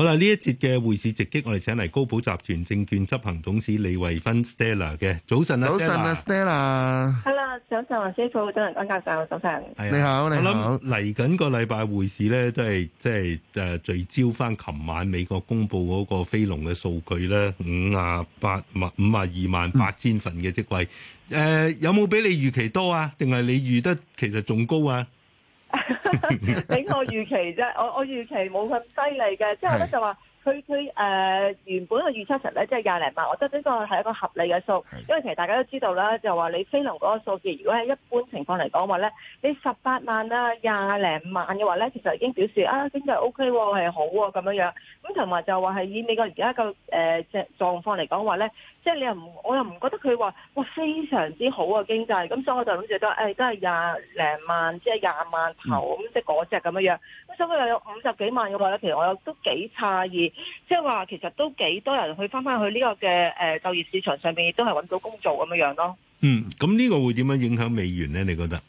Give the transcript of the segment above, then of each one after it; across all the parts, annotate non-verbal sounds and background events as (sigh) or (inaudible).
好啦，呢一節嘅匯市直擊，我哋請嚟高寶集團證券執行董事李慧芬 Stella 嘅。早晨啊，Stella。Hello, 早晨啊 Stella 好啦，早晨 (music) 啊，薛富，早晨，安家贊，早晨。你好，你好。我諗嚟緊個禮拜匯市咧，都係即係誒，聚焦翻琴晚美國公布嗰個非農嘅數據咧，58, 五啊八萬，五啊二萬八千份嘅職位。誒、嗯，有冇比你預期多啊？定係你預得其實仲高啊？頂 (laughs) 我預期啫，我我預期冇咁犀利嘅，之後咧就話、是。佢佢誒原本嘅預測實咧，即係廿零萬，我覺得呢個係一個合理嘅數，因為其實大家都知道啦，就話你非農嗰個數字，如果係一般情況嚟講話咧，你十八萬啊、廿零萬嘅話咧，其實已經表示啊經濟 O K 係好喎咁樣樣。咁同埋就話係以美國而家個誒嘅狀況嚟講話咧，即係你又唔，我又唔覺得佢話哇非常之好啊經濟，咁、嗯、所以我就諗住得誒都係廿零萬，即係廿萬頭咁即係嗰隻咁樣樣。咁所以佢又有五十幾萬嘅話咧，其實我又都幾詫異。即係話，其實都幾多人去翻翻去呢個嘅誒就業市場上面，亦都係揾到工作咁樣樣咯。嗯，咁呢個會點樣影響美元咧？你覺得？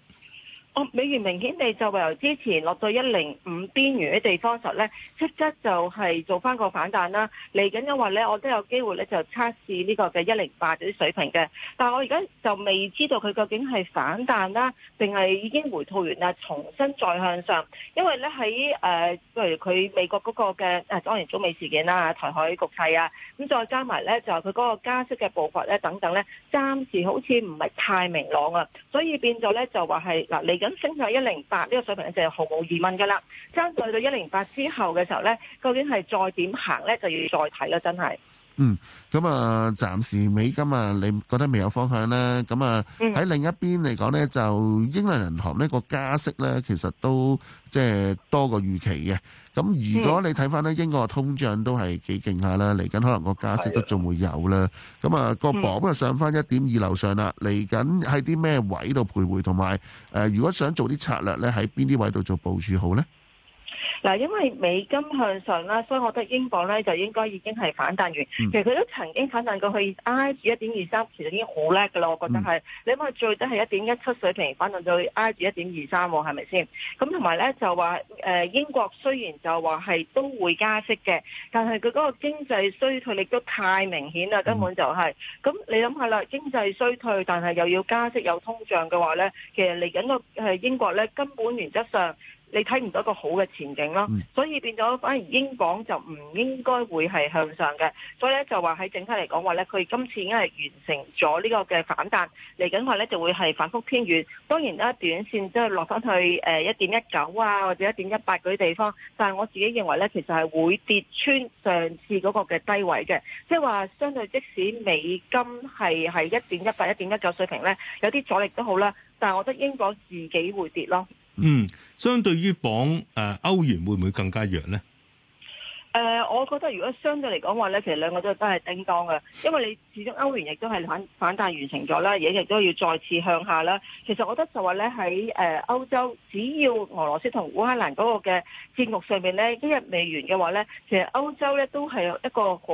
我、哦、美元明顯地就由之前落到一零五邊緣嘅地方時候咧，即刻就係做翻個反彈啦。嚟緊因為咧，我都有機會咧就測試呢個嘅一零八啲水平嘅。但係我而家就未知道佢究竟係反彈啦，定係已經回吐完啦，重新再向上。因為咧喺誒，譬、呃、如佢美國嗰個嘅誒，當然中美事件啦、台海局勢啊，咁再加埋咧就係佢嗰個加息嘅步伐咧等等咧，暫時好似唔係太明朗啊。所以變咗咧就話係嗱你。咁升到一零八呢個水平咧就係毫無疑問㗎喇，爭在到一零八之後嘅時候咧，究竟係再點行咧，就要再睇啦，真係。嗯，咁啊，暫時美金啊，你覺得未有方向啦。咁啊，喺、啊、另一邊嚟講咧，就英倫銀行呢個加息咧，其實都即係多過預期嘅。咁如果你睇翻呢，英國嘅通脹都係幾勁下啦，嚟緊可能個加息都仲會有啦。咁啊的個磅啊上翻一點二樓上啦，嚟緊喺啲咩位度徘徊，同埋誒如果想做啲策略咧，喺邊啲位度做部署好呢？嗱，因為美金向上啦，所以我覺得英鎊咧就應該已經係反彈完。嗯、其實佢都曾經反彈過去挨住一點二三，其實已經好叻噶啦。我覺得係，嗯、你諗下最低係一點一七水平反彈到挨住一點二三，係咪先？咁同埋咧就話誒、呃、英國雖然就話係都會加息嘅，但係佢嗰個經濟衰退力都太明顯啦，根本就係、是。咁、嗯、你諗下啦，經濟衰退但係又要加息有通脹嘅話咧，其實嚟緊個誒英國咧根本原則上。你睇唔到一個好嘅前景咯，所以變咗反而英鎊就唔應該會係向上嘅，所以咧就話喺整體嚟講話咧，佢今次已經係完成咗呢個嘅反彈，嚟緊話咧就會係反覆偏軟。當然啦，短線即係落翻去誒一點一九啊，或者一點一八嗰啲地方，但係我自己認為咧，其實係會跌穿上次嗰個嘅低位嘅，即係話相對即使美金係係一點一八、一點一九水平咧，有啲阻力都好啦，但係我覺得英鎊自己會跌咯。嗯，相對於鎊，誒，歐元會唔會更加弱咧？誒、呃，我覺得如果相對嚟講話咧，其實兩個都都係叮當嘅，因為你始終歐元亦都係反反彈完成咗啦，而家亦都要再次向下啦。其實我覺得就話咧，喺誒歐洲，只要俄羅斯同烏克蘭嗰個嘅戰局上面咧，一日未完嘅話咧，其實歐洲咧都係一個好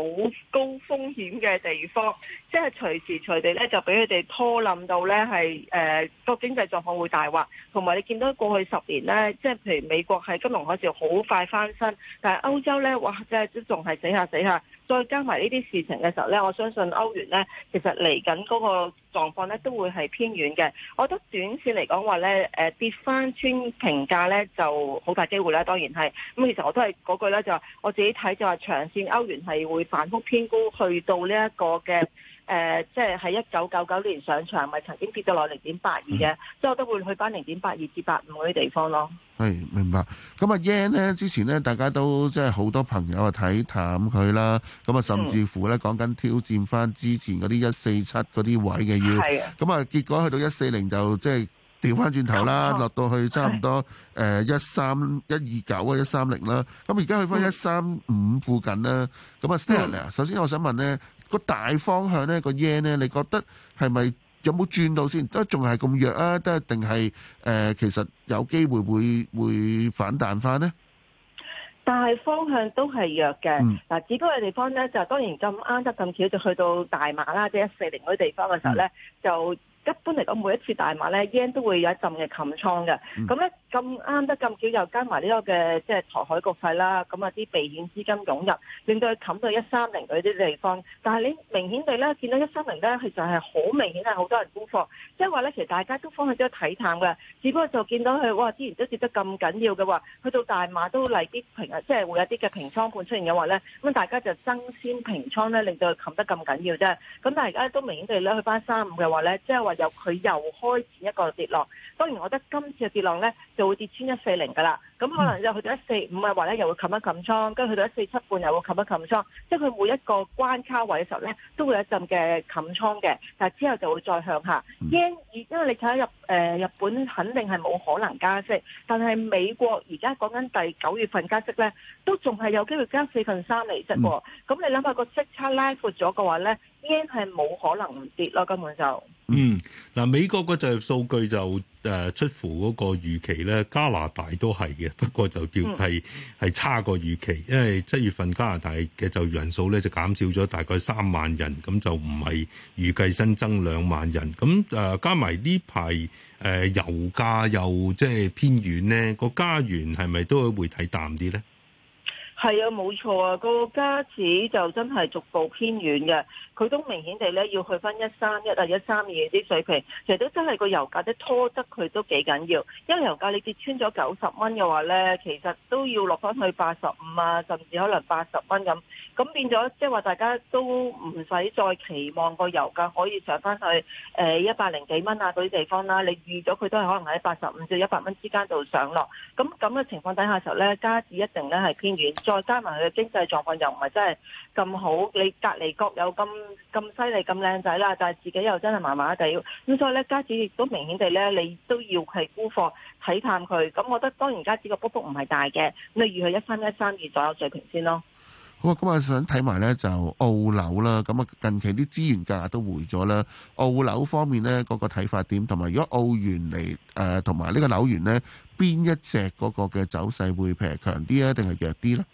高風險嘅地方，即係隨時隨地咧就俾佢哋拖冧到咧係誒個經濟狀況會大滑，同埋你見到過去十年咧，即係譬如美國喺金融海嘯好快翻身，但係歐洲咧。即係都仲係死下死下，再加埋呢啲事情嘅時候呢，我相信歐元呢其實嚟緊嗰個狀況呢，都會係偏軟嘅。我覺得短線嚟講話呢，誒跌翻穿平價呢就好大機會啦。當然係咁，其實我都係嗰句啦，就係我自己睇就係長線歐元係會反覆偏高，去到呢一個嘅。誒、呃，即係喺一九九九年上場，咪、嗯、曾經跌到落零點八二嘅，即係、嗯、我都會去翻零點八二至八五嗰啲地方咯。係明白。咁啊，yen 呢之前呢，大家都即係好多朋友啊睇淡佢啦。咁啊，甚至乎咧講緊挑戰翻之前嗰啲一四七嗰啲位嘅要。係、嗯。咁啊，結果去到一四零就即係調翻轉頭啦，嗯、落到去差唔多誒一三一二九啊，一三零啦。咁而家去翻一三五附近啦。咁啊，sterling 首先我想問呢。個大方向咧，個 yen 咧，你覺得係咪有冇轉到先？都仲係咁弱啊？都定係誒，其實有機會會會反彈翻咧？大方向都係弱嘅。嗱，只不過嘅地方咧，就當然咁啱得咁巧，就去到大碼啦，即係一四零嗰啲地方嘅時候咧，就一般嚟講，每一次大碼咧，yen 都會有一陣嘅冚倉嘅。咁咧。咁啱得咁巧，又加埋呢個嘅即係台海局勢啦，咁啊啲避險資金湧入，令到佢冚到一三零嗰啲地方。但係你明顯地咧，見到一三零咧，其實係好明顯係好多人沽貨，即係話咧，其實大家都方向都睇淡嘅，只不過就見到佢哇之前都跌得咁緊要嘅話，去到大馬都嚟啲平，即係會有啲嘅平倉盤出現嘅話咧，咁大家就爭先平倉咧，令到佢冚得咁緊要啫。咁但係而家都明顯地咧，去翻三五嘅話咧，即係話由佢又開始一個跌落。當然，我覺得今次嘅跌落咧。就會跌穿一四零噶啦。 (noise) 咁、嗯嗯、可能就去到一四五，咪話咧又會冚一冚倉，跟住去到一四七半又會冚一冚倉，即係佢每一個關卡位嘅時候咧，都會有一陣嘅冚倉嘅，但係之後就會再向下。y 因為你睇入睇下誒日本肯定係冇可能加息，但係美國而家講緊第九月份加息咧，都仲係有機會加四分三釐息喎。咁、嗯嗯、你諗下個息差拉闊咗嘅話咧已 e n 係冇可能唔跌咯，根本就。嗯，嗱，美國個就業數據就誒、呃、出乎嗰個預期咧，加拿大都係嘅。不過就叫係係差過預期，因為七月份加拿大嘅就業人數咧就減少咗大概三萬人，咁就唔係預計新增兩萬人。咁誒、呃、加埋呢排誒油價又即係、呃、偏軟呢個加元係咪都會睇淡啲呢？係啊，冇錯啊，個加紙就真係逐步偏軟嘅，佢都明顯地咧要去翻一三一啊一三二啲水平，其實都真係個油價即拖得佢都幾緊要。一油價你跌穿咗九十蚊嘅話咧，其實都要落翻去八十五啊，甚至可能八十蚊咁，咁變咗即係話大家都唔使再期望個油價可以上翻去誒一百零幾蚊啊嗰啲地方啦。你預咗佢都係可能喺八十五至一百蚊之間度上落，咁咁嘅情況底下嘅時候咧，加紙一定咧係偏軟。再加埋佢經濟狀況又唔係真係咁好，你隔離各有咁咁犀利咁靚仔啦，但係自己又真係麻麻地，咁所以咧，家市亦都明顯地咧，你都要係沽貨睇淡佢。咁我覺得當然家勃勃，家市個波幅唔係大嘅，咁例如係一三一三二左右水平先咯。好啊，咁啊想睇埋咧就澳紐啦，咁啊近期啲資源價都回咗啦。澳紐方面咧，嗰、那個睇法點同埋如果澳元嚟誒同埋呢個紐元咧，邊一隻嗰個嘅走勢會平強啲啊，定係弱啲咧？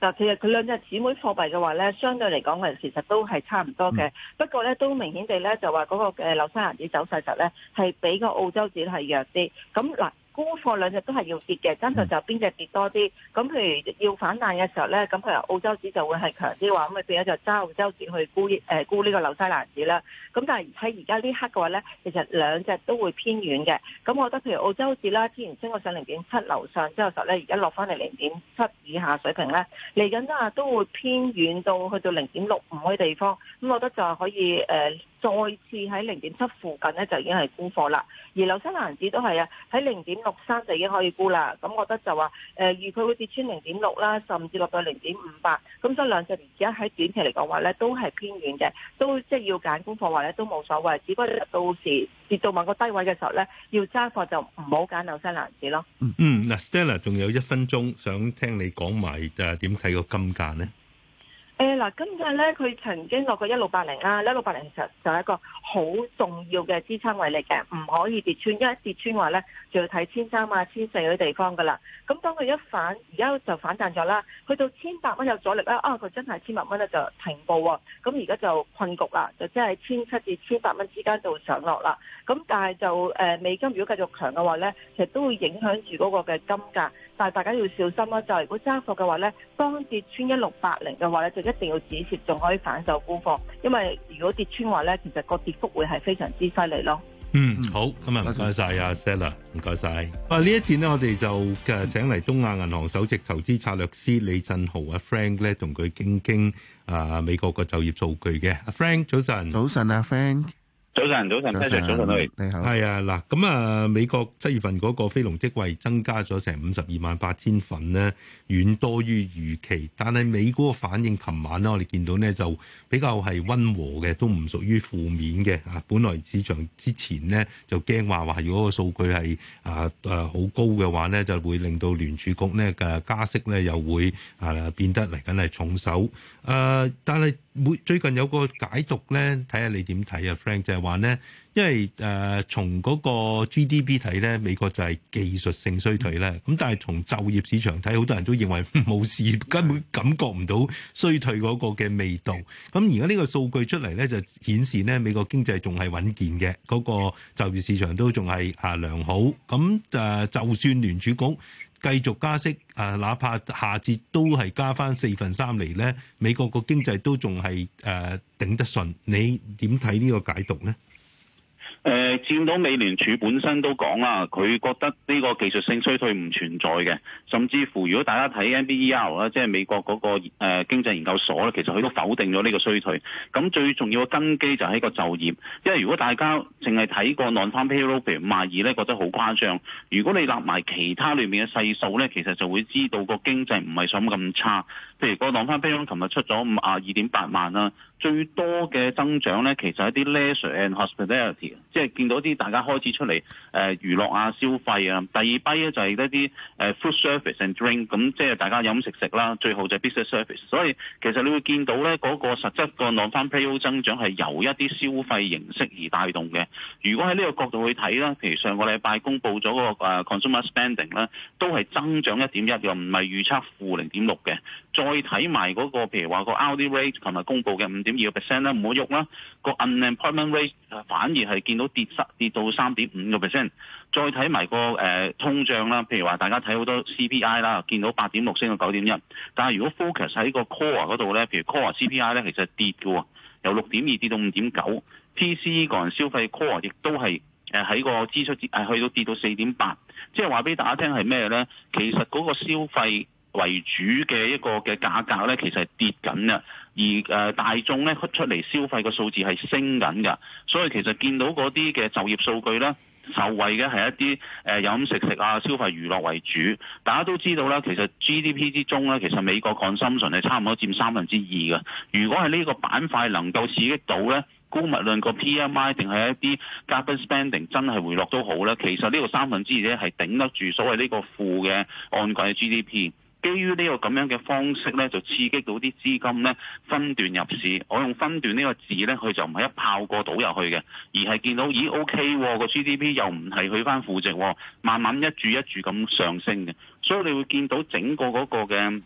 嗱，其實佢兩隻姊妹貨幣嘅話咧，相對嚟講係其實都係差唔多嘅，不過咧都明顯地咧就話嗰個嘅紐西蘭紙走勢實咧係比個澳洲紙係弱啲，咁嗱。沽貨兩隻都係要跌嘅，跟住就邊隻跌多啲？咁譬如要反彈嘅時候咧，咁譬如澳洲紙就會係強啲話，咁啊變咗就揸澳洲紙去沽誒、呃、沽呢個紐西蘭紙啦。咁但係喺而家呢刻嘅話咧，其實兩隻都會偏遠嘅。咁我覺得譬如澳洲紙啦，之前升到上零點七樓上之後時候咧，而家落翻嚟零點七以下水平咧，嚟緊啊都會偏遠到去到零點六五嘅地方。咁我覺得就可以誒。呃再次喺零點七附近呢，就已經係沽貨啦，而紐西蘭紙都係啊，喺零點六三就已經可以沽啦。咁我覺得就話、是、誒，預、呃、佢會跌穿零點六啦，甚至落到零點五八，咁所以兩隻而家喺短期嚟講話咧都係偏遠嘅，都，都即係要揀沽貨話咧都冇所謂，只不過到時跌到某個低位嘅時候咧，要揸貨就唔好揀紐西蘭紙咯。嗯嗯，嗱、嗯、Stella 仲有一分鐘想聽你講埋誒點睇個金價咧。誒嗱，今日咧，佢曾經落過一六八零啦。一六八零其實就係一個好重要嘅支撐位嚟嘅，唔可以跌穿，一跌穿話咧就要睇千三啊、千四嗰啲地方噶啦。咁、嗯、當佢一反而家就反彈咗啦，去到千八蚊有阻力啦，啊佢真係千八蚊咧就停步喎。咁而家就困局啦，就即係千七至千八蚊之間度上落啦。咁、嗯、但係就誒、呃、美金如果繼續強嘅話咧，其實都會影響住嗰個嘅金價，但係大家要小心啦、啊。就如果揸貨嘅話咧，當跌穿一六八零嘅話咧，就一定要止蝕，仲可以反手沽貨，因為如果跌穿話咧，其實個跌幅會係非常之犀利咯。嗯，好，咁啊，唔該晒啊，Sara，唔該晒。啊，呢一節咧，我哋就誒請嚟東亞銀行首席投資策略師李振豪啊 Frank 咧，同佢傾傾啊美國個就業數據嘅。Frank，早晨。早晨啊，Frank。早晨，早晨，早晨，早晨，多謝你，你好。係啊，嗱，咁啊，美國七月份嗰個非農職位增加咗成五十二萬八千份呢，遠多於預期。但係美嗰個反應，琴晚咧，我哋見到呢就比較係溫和嘅，都唔屬於負面嘅啊。本來市場之前呢就驚話話，如果個數據係啊啊好高嘅話呢，就會令到聯儲局呢嘅加息呢又會啊變得嚟緊係重手。誒、啊，但係每最近有個解讀咧，睇下你點睇啊 Frank 話咧，因為誒，從嗰個 GDP 睇咧，美國就係技術性衰退啦。咁但係從就業市場睇，好多人都認為冇事，根本感覺唔到衰退嗰個嘅味道。咁而家呢個數據出嚟呢就顯示咧，美國經濟仲係穩健嘅，嗰個就業市場都仲係啊良好。咁誒，就算聯儲局。繼續加息，啊，哪怕下次都係加翻四分三厘咧，美國個經濟都仲係誒頂得順，你點睇呢個解讀咧？誒、呃，佔到美聯儲本身都講啦，佢覺得呢個技術性衰退唔存在嘅，甚至乎如果大家睇 NBER 啦，即係美國嗰、嗰個誒、呃、經濟研究所咧，其實佢都否定咗呢個衰退。咁最重要嘅根基就喺個就業，因為如果大家淨係睇個 Nonfarm Payroll 譬如五十二萬咧，覺得好誇張。如果你立埋其他裏面嘅細數咧，其實就會知道個經濟唔係想咁差。譬如個浪翻 p a y 琴日出咗五啊二點八萬啦，最多嘅增長咧，其實係一啲 leisure、er、and hospitality，即係見到啲大家開始出嚟誒娛樂啊消費啊。第二低咧就係一啲誒 food service and drink，咁、嗯、即係大家飲食食啦。最後就係 business service。所以其實你會見到咧，嗰、那個實質浪翻 p a y o 增長係由一啲消費形式而帶動嘅。如果喺呢個角度去睇啦，譬如上個禮拜公布咗嗰個 consumer spending 咧，都係增長一點一，又唔係預測負零點六嘅。再睇埋嗰個譬如話個 hourly rate 琴日公布嘅五點二個 percent 咧，唔好喐啦。個 unemployment rate 反而係見到跌跌到三點五個 percent。再睇埋、嗰個誒、呃、通脹啦，譬如話大家睇好多 CPI 啦，見到八點六升到九點一。但係如果 focus 喺個 core 嗰度咧，譬如 core CPI 咧，其實跌嘅喎，由六點二跌到五點九。PC 個人消費 core 亦都係誒喺個支出誒去到跌到四點八。即係話俾大家聽係咩咧？其實嗰個消費為主嘅一個嘅價格呢，其實係跌緊嘅，而誒、呃、大眾呢，出嚟消費嘅數字係升緊嘅，所以其實見到嗰啲嘅就業數據呢，受惠嘅係一啲誒飲食食啊、消費娛樂為主。大家都知道啦，其實 GDP 之中呢，其實美國 Consumption 係差唔多佔三分之二嘅。如果係呢個板塊能夠刺激到呢，姑勿論個 PMI 定係一啲 Government Spending 真係回落都好咧，其實呢個三分之二呢，係頂得住所謂呢個負嘅按季 GDP。基於呢個咁樣嘅方式呢，就刺激到啲資金呢，分段入市。我用分段呢個字呢，佢就唔係一炮過倒入去嘅，而係見到咦 OK 個、哦、GDP 又唔係去返負值喎，慢慢一注一注咁上升嘅。所以你會見到整個嗰個嘅。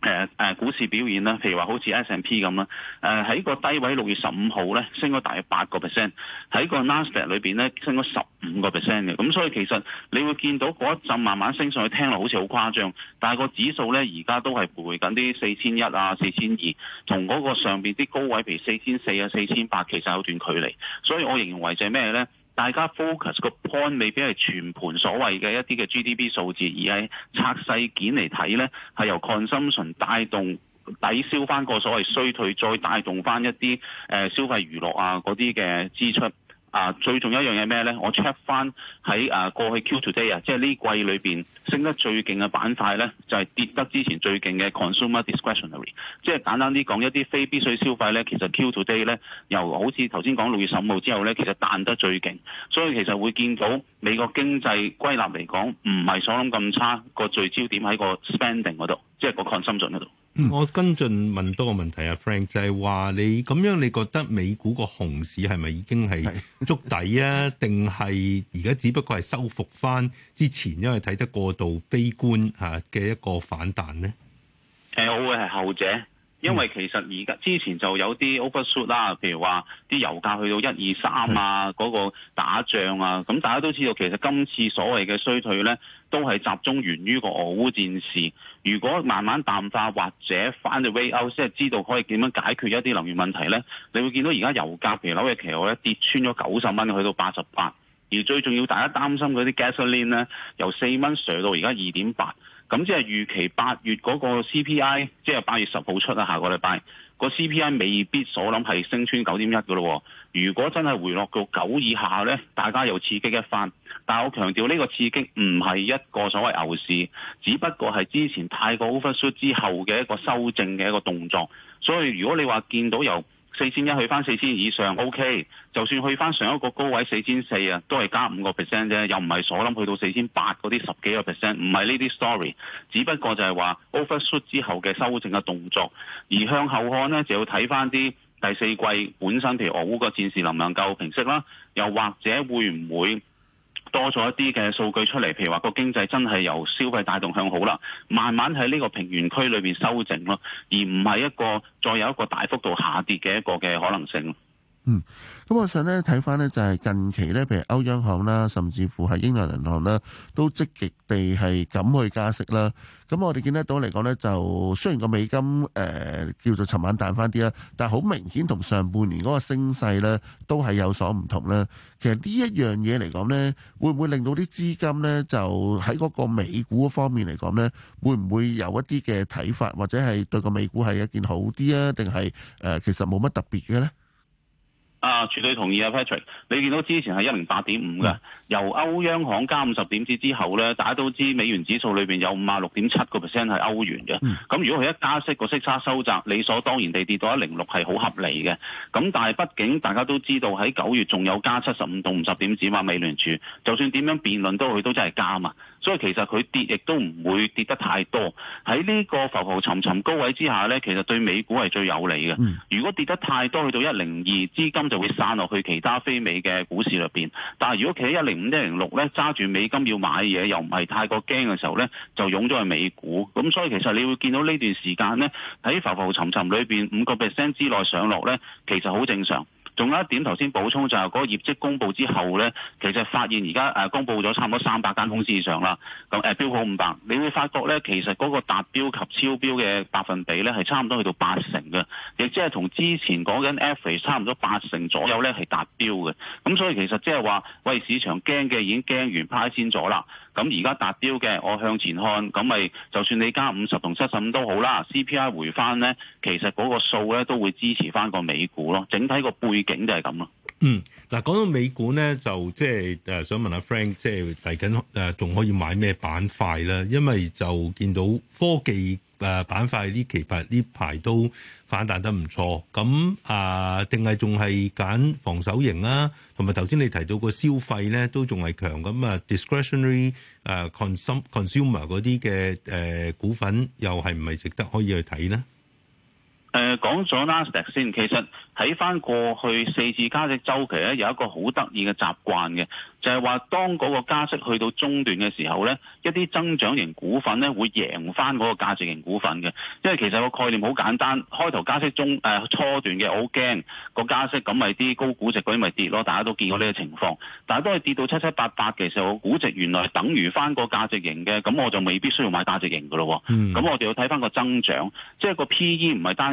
誒誒、呃呃，股市表現啦，譬如話好似 S&P 咁啦，誒、呃、喺個低位六月十五號咧，升咗大約八個 percent，喺個 Nasdaq 裏邊咧，升咗十五個 percent 嘅，咁所以其實你會見到嗰一陣慢慢升上去，聽落好似好誇張，但係個指數咧而家都係徘徊緊啲四千一啊、四千二，同嗰個上邊啲高位譬如四千四啊、四千八，其實有段距離，所以我認為就係咩咧？大家 focus 個 point 未必係全盤所謂嘅一啲嘅 GDP 數字，而係拆細件嚟睇咧，係由 consumption 帶動抵消翻個所謂衰退，再帶動翻一啲誒、呃、消費娛樂啊嗰啲嘅支出。啊，最重要一樣嘢咩咧？我 check 翻喺啊過去 Q to day 啊，即係呢季裏邊升得最勁嘅板塊咧，就係、是、跌得之前最勁嘅 consumer discretionary，即係簡單啲講，一啲非必需消費咧，其實 Q to day 咧，又好似頭先講六月十五號之後咧，其實彈得最勁，所以其實會見到美國經濟歸納嚟講，唔係所諗咁差，個聚焦點喺個 spending 嗰度，即係個 consumption 嗰度。嗯、我跟進問多個問題啊，Frank，就係話你咁樣，你覺得美股個熊市係咪已經係築底啊？定係而家只不過係收復翻之前，因為睇得過度悲觀嚇嘅一個反彈呢？誒、欸，我會係後者。因為其實而家之前就有啲 overshoot 啦，譬如話啲油價去到一二三啊，嗰、那個打仗啊，咁大家都知道其實今次所謂嘅衰退呢，都係集中源於個俄烏戰事。如果慢慢淡化或者翻到 v o 先係知道可以點樣解決一啲能源問題呢，你會見到而家油價，譬如紐約期油呢，跌穿咗九十蚊，去到八十八。而最重要，大家擔心嗰啲 gasoline 呢，由四蚊上到而家二點八。咁即係預期八月嗰個 CPI，即係八月十號出啊，下個禮拜個 CPI 未必所諗係升穿九點一嘅咯。如果真係回落到九以下呢，大家又刺激一番。但係我強調呢個刺激唔係一個所謂牛市，只不過係之前太過 overshoot 之後嘅一個修正嘅一個動作。所以如果你話見到又，四千一去翻四千以上，OK，就算去翻上一個高位四千四啊，都係加五個 percent 啫，又唔係所諗去到四千八嗰啲十幾個 percent，唔係呢啲 story，只不過就係話 overshoot 之後嘅修正嘅動作，而向後看呢，就要睇翻啲第四季本身，譬如俄烏個戰事能唔能夠平息啦，又或者會唔會？多咗一啲嘅數據出嚟，譬如話個經濟真係由消費帶動向好啦，慢慢喺呢個平原區裏邊修整咯，而唔係一個再有一個大幅度下跌嘅一個嘅可能性。嗯，咁我想咧睇翻咧就係近期咧，譬如歐央行啦，甚至乎係英格蘭銀行啦，都積極地係噉去加息啦。咁我哋見得到嚟講咧，就雖然個美金誒叫做尋晚彈翻啲啦，但係好明顯同上半年嗰個升勢咧都係有所唔同啦。其實呢一樣嘢嚟講咧，會唔會令到啲資金咧就喺嗰個美股嗰方面嚟講咧，會唔會有一啲嘅睇法，或者係對個美股係一件好啲啊，定係誒其實冇乜特別嘅咧？啊，絕對同意啊，Patrick！你見到之前係一零八點五嘅，嗯、由歐央行加五十點子之後咧，大家都知美元指數裏邊有五啊六點七個 percent 係歐元嘅。咁、嗯、如果佢一加息個息差收窄，理所當然地跌到一零六係好合理嘅。咁但係畢竟大家都知道喺九月仲有加七十五到五十點子嘛，美聯儲就算點樣辯論都佢都真係加嘛。所以其實佢跌亦都唔會跌得太多，喺呢個浮浮沉沉高位之下呢，其實對美股係最有利嘅。如果跌得太多去到一零二，資金就會散落去其他非美嘅股市裏邊。但係如果企喺一零五、一零六呢，揸住美金要買嘢，又唔係太過驚嘅時候呢，就湧咗去美股。咁所以其實你會見到呢段時間呢，喺浮浮沉沉裏邊五個 percent 之內上落呢，其實好正常。仲有一點，頭先補充就係、是、嗰、那個業績公佈之後呢，其實發現而家誒公佈咗差唔多三百間公司以上啦。咁、呃、誒標普五百，你會發覺呢，其實嗰個達標及超標嘅百分比呢，係差唔多去到八成嘅，亦即係同之前講緊 A 差唔多八成左右呢，係達標嘅。咁所以其實即係話，喂，市場驚嘅已經驚完派先咗啦。咁而家達標嘅，我向前看，咁咪就算你加五十同七十五都好啦。CPI 回翻呢，其實嗰個數呢都會支持翻個美股咯。整體個背景就係咁咯。嗯，嗱講到美股呢，就即係誒想問下 Frank，即係嚟緊誒仲可以買咩板塊呢？因為就見到科技，誒板塊呢期排呢排都反彈得唔錯，咁啊，定係仲係揀防守型啊？同埋頭先你提到個消費咧，都仲係強，咁啊，Discretionary 誒、啊、consum Consumer 嗰啲嘅誒股份又係唔係值得可以去睇呢？誒講咗 Nasdaq、呃、先，其實睇翻過去四次加息周期咧，有一個好得意嘅習慣嘅，就係、是、話當嗰個加息去到中段嘅時候咧，一啲增長型股份咧會贏翻嗰個價值型股份嘅。因為其實個概念好簡單，開頭加息中誒、呃、初段嘅好驚個加息，咁咪啲高估值啲咪跌咯。大家都見過呢個情況，但係都係跌到七七八八嘅時候。其實個估值原來係等於翻個價值型嘅，咁我就未必需要買價值型嘅咯。咁我哋要睇翻個增長，即係個 P E 唔係單。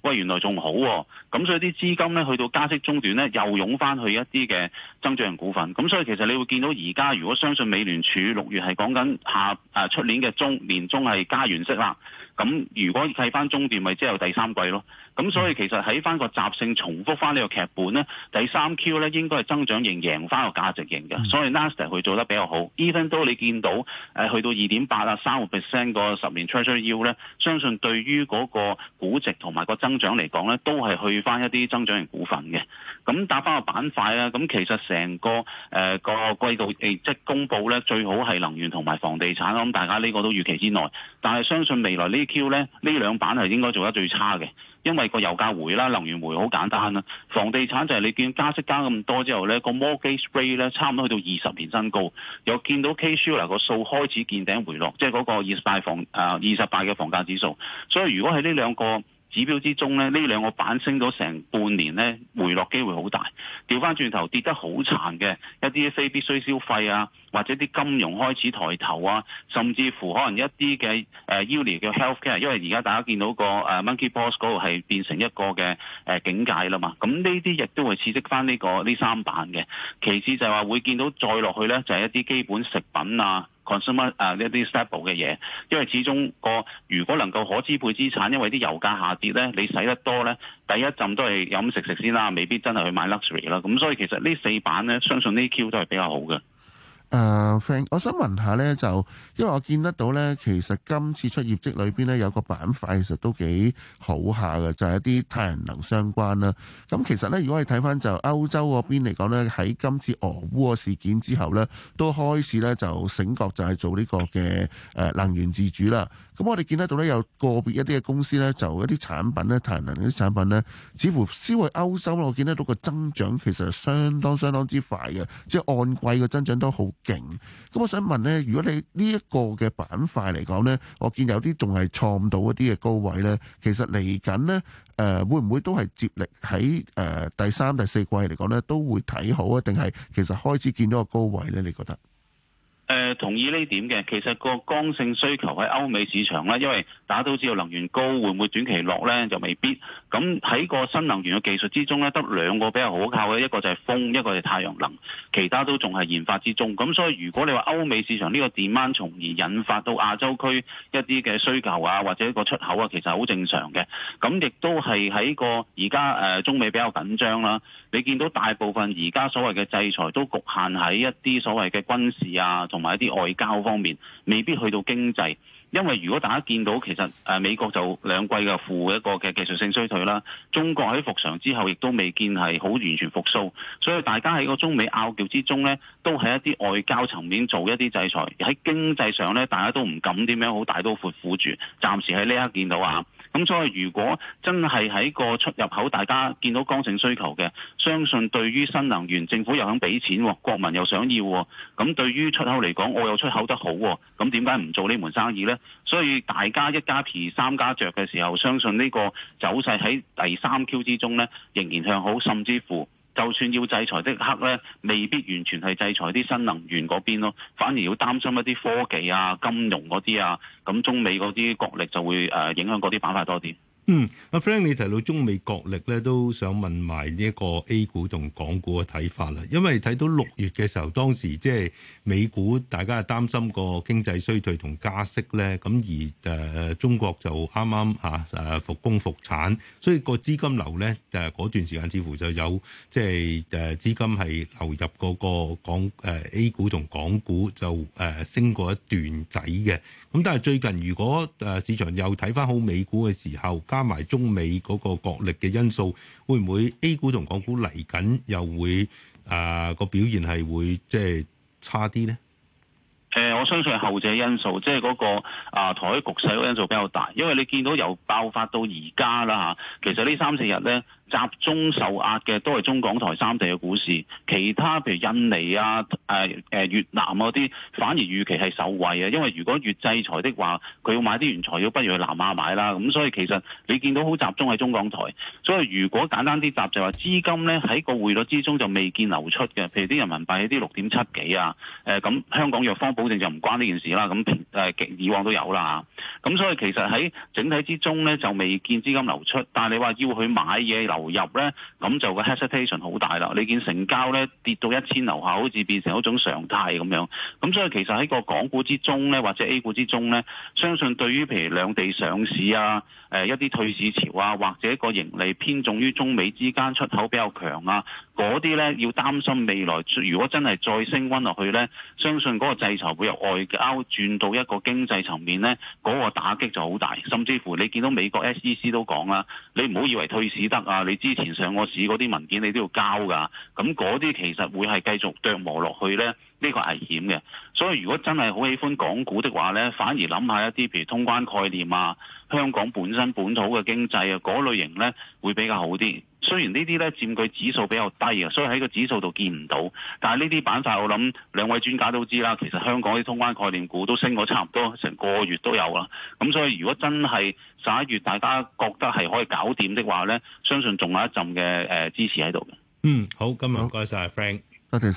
喂，原來仲好喎、哦，咁所以啲資金咧去到加息中段咧，又湧翻去一啲嘅增長型股份，咁所以其實你會見到而家如果相信美聯儲六月係講緊下誒出、啊、年嘅中年中係加完息啦，咁如果計翻中段，咪即係有第三季咯，咁所以其實喺翻個習性重複翻呢個劇本咧，第三 Q 咧應該係增長型贏翻個價值型嘅，嗯、所以 Nasdaq 佢做得比較好，Even 都你見到誒去到二點八啊三個 percent 個十年 Treasury 咧，相信對於嗰個估值同埋個增增長嚟講咧，都係去翻一啲增長型股份嘅。咁、嗯、打翻個板塊咧，咁、嗯、其實成個誒、呃、個季度即公布咧，最好係能源同埋房地產。咁、嗯、大家呢個都預期之內。但係相信未來呢一 Q 咧，呢兩板係應該做得最差嘅，因為個油價回啦、能源回好簡單啦。房地產就係你見加息加咁多之後咧，個 mortgage rate 咧差唔多去到二十年新高，又見到 Case Shiller 個數開始見頂回落，即係嗰個二十大房誒二十大嘅房價指數。所以如果喺呢兩個指標之中呢，呢兩個板升咗成半年呢，回落機會好大。調返轉頭跌得好慘嘅一啲非必需消費啊！或者啲金融開始抬頭啊，甚至乎可能一啲嘅誒 Uuni 嘅 healthcare，因為而家大家見到個誒、呃、Monkey Pox 度係變成一個嘅誒、呃、境界啦嘛，咁呢啲亦都會刺激翻呢、這個呢三版嘅。其次就係話會見到再落去呢，就係、是、一啲基本食品啊、consumer 啊、呃、一啲 stable 嘅嘢，因為始終個如果能夠可支配資產，因為啲油價下跌呢，你使得多呢，第一浸都係飲食食先啦，未必真係去買 luxury 啦。咁所以其實呢四版呢，相信呢 Q 都係比較好嘅。誒、uh，我想問下呢，就因為我見得到呢，其實今次出業績裏邊呢，有個板塊其實都幾好下嘅，就係、是、一啲太陽能相關啦。咁其實呢，如果係睇翻就歐洲嗰邊嚟講呢，喺今次俄烏個事件之後呢，都開始呢，就醒覺，就係做呢個嘅誒能源自主啦。咁、嗯、我哋見得到呢，有個別一啲嘅公司呢，就一啲產品呢，太陽能嗰啲產品呢，似乎銷去歐洲。我見得到個增長其實相當相當之快嘅，即係按季嘅增長都好。勁，咁我想問呢，如果你呢一個嘅板塊嚟講呢，我見有啲仲係創到一啲嘅高位呢，其實嚟緊呢誒，會唔會都係接力喺誒第三第四季嚟講呢，都會睇好啊？定係其實開始見到個高位呢？你覺得？同意呢點嘅，其實個剛性需求喺歐美市場啦。因為大家都知道能源高，會唔會短期落呢？就未必。咁喺個新能源嘅技術之中呢，得兩個比較可靠嘅，一個就係風，一個係太陽能，其他都仲係研發之中。咁所以如果你話歐美市場呢個 demand，從而引發到亞洲區一啲嘅需求啊，或者一個出口啊，其實好正常嘅。咁亦都係喺個而家誒中美比較緊張啦。你見到大部分而家所謂嘅制裁都局限喺一啲所謂嘅軍事啊同同埋一啲外交方面，未必去到經濟，因為如果大家見到其實誒美國就兩季嘅負一個嘅技術性衰退啦，中國喺復常之後亦都未見係好完全復甦，所以大家喺個中美拗撬之中咧，都係一啲外交層面做一啲制裁，喺經濟上咧大家都唔敢點樣好大刀闊斧住，暫時喺呢一刻見到啊。咁所以如果真係喺個出入口，大家見到剛性需求嘅，相信對於新能源，政府又肯俾錢，國民又想要，咁對於出口嚟講我又出口得好，咁點解唔做呢門生意咧？所以大家一家皮三家着嘅時候，相信呢個走勢喺第三 Q 之中咧，仍然向好，甚至乎。就算要制裁的刻咧，未必完全係制裁啲新能源嗰邊咯，反而要擔心一啲科技啊、金融嗰啲啊，咁中美嗰啲角力就會誒影響嗰啲板塊多啲。嗯，阿 Frank 你提到中美角力咧，都想問埋呢一個 A 股同港股嘅睇法啦。因為睇到六月嘅時候，當時即係美股大家係擔心個經濟衰退同加息咧，咁而誒中國就啱啱吓誒復工復產，所以個資金流咧誒嗰段時間似乎就有即係誒資金係流入嗰個港誒 A 股同港股就誒升過一段仔嘅。咁但係最近如果誒市場又睇翻好美股嘅時候加。加埋中美嗰個角力嘅因素，會唔會 A 股同港股嚟緊又會啊、呃、個表現係會即係、就是、差啲呢？誒、呃，我相信後者因素，即係嗰個啊、呃、台局勢個因素比較大，因為你見到由爆發到而家啦嚇，其實呢三四日咧。集中受壓嘅都係中港台三地嘅股市，其他譬如印尼啊、誒、呃、誒越南嗰啲，反而預期係受惠嘅。因為如果越制裁的話，佢要買啲原材料，不如去南亞買啦。咁所以其實你見到好集中喺中港台，所以如果簡單啲答就係話資金咧喺個匯率之中就未見流出嘅，譬如啲人民幣啲六點七幾啊，誒、呃、咁香港藥方保證就唔關呢件事啦。咁誒極以往都有啦，咁所以其實喺整體之中咧就未見資金流出，但係你話要去買嘢流。投入咧，咁就個 hesitation 好大啦。你見成交咧跌到一千樓下，好似變成一種常態咁樣。咁所以其實喺個港股之中咧，或者 A 股之中咧，相信對於譬如兩地上市啊。誒、呃、一啲退市潮啊，或者個盈利偏重於中美之間出口比較強啊，嗰啲呢，要擔心未來，如果真係再升溫落去呢，相信嗰個制裁會由外交轉到一個經濟層面呢，嗰、嗰個打擊就好大。甚至乎你見到美國 SEC 都講啦、啊，你唔好以為退市得啊，你之前上過市嗰啲文件你都要交噶。咁嗰啲其實會係繼續琢磨落去呢。呢個危險嘅，所以如果真係好喜歡港股的話呢，反而諗下一啲譬如通關概念啊、香港本身本土嘅經濟啊嗰類型呢，會比較好啲。雖然呢啲呢佔據指數比較低啊，所以喺個指數度見唔到。但係呢啲板塊我諗兩位專家都知啦，其實香港啲通關概念股都升咗差唔多成個月都有啦。咁所以如果真係十一月大家覺得係可以搞掂的話呢，相信仲有一陣嘅誒、呃、支持喺度嘅。嗯，好，今日唔該晒 Frank 多謝，謝。